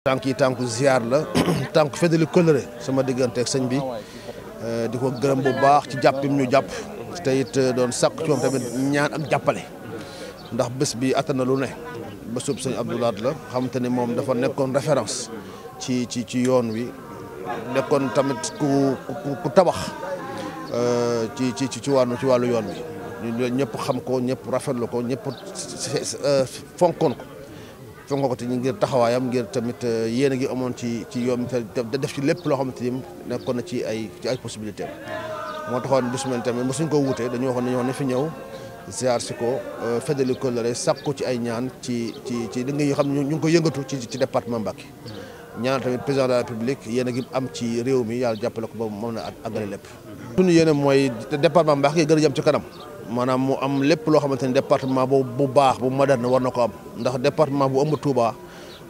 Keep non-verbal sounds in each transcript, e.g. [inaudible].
tànk yi tànk ziar la [clears throat] tànk feddali kóllëre sama digganteeg sëñ bi euh, di ko gërëm bu baax ci jàpp ñu jàpp te euh, doon sàkk ci tamit ñaan ak jàppale ndax bés bi attan na lu ne bésub sëñ Abdoulaat la xamante ni moom dafa nekkoon référence ci ci ci yoon wi nekkoon tamit ku ku tabax euh, ci ci ci wàllu ci wàllu yoon wi ñu ñëpp xam ko ñëpp rafetlu ko ñëpp fonkoon ko fangokati ñi ngir taxawaayam ngir tamit eh, yéen gi ngi amoon ci ci yoom te def ci lépp loo xamante ne nekkoon na ci ay ci ay possibilité moo taxoon bis mel tamit suñ ko wutee dañu waxoon dañu wax ne fi ñëw ziar si ko eh, feddali ko la sàkku ci ay ñaan ci ci ci li nga xam ñu ngi ko yëngatu ci ci département Mbacké ñaan tamit président de la République yéen a ngi am ci réew mi yàlla jàppale ko ba moom na ak àggale lépp. suñu yéene mooy département Mbacké gën a jëm ci kanam. maanaam mu am lépp loo xamante ni département bu bu baax bu moderne war na ko am ndax département bu ëmb Touba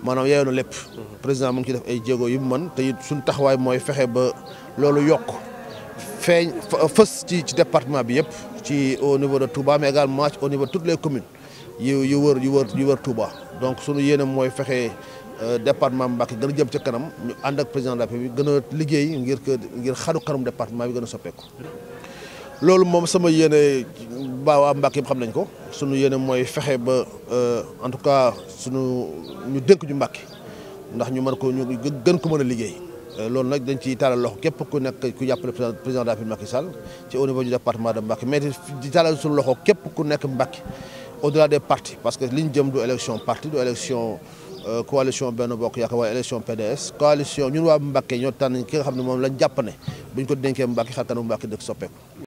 maanaam yeyoo lépp. Mhm. président mu ngi ci def ay jéego yu mu mën te suñu taxawaay mooy fexe ba loolu yokk feeñ fës ci ci département bi yëpp ci au niveau de Touba mais également au niveau de toutes les communes yu yu wër yu wër yu wër Touba donc sunu yéene mooy fexe. Euh, departement Mbacké gën a jëm ca kanam ñu ànd ak président de la République gën a liggéey ngir que ngir xaru kanam département bi gën a soppeeku loolu moom sama yéene ba waa Mbàkke yëpp xam nañ ko sunu yéene mooy fexe ba euh, en tout cas sunu ñu dénk ñu Mbàkke ndax ñu mën ko ñu gën ko mën a liggéey euh, loolu nag dañ ciy taalal loxo képp ku nekk ku jàppale président de la République Macky Sall ci au niveau du département de Mbàkke mais taalal sunu loxo képp ku nekk Mbàkke au-delà des partis parce que li ñu jëm du élection parti du élection euh, coalition Benno Bokk Yaakaar waaye élection PDS coalition ñun waa Mbàkke ñoo tànn ki nga xam ne moom lañ jàpp ne buñ ko dénkee Mbàkke xar kanamu Mbàkke dëkk soppeeku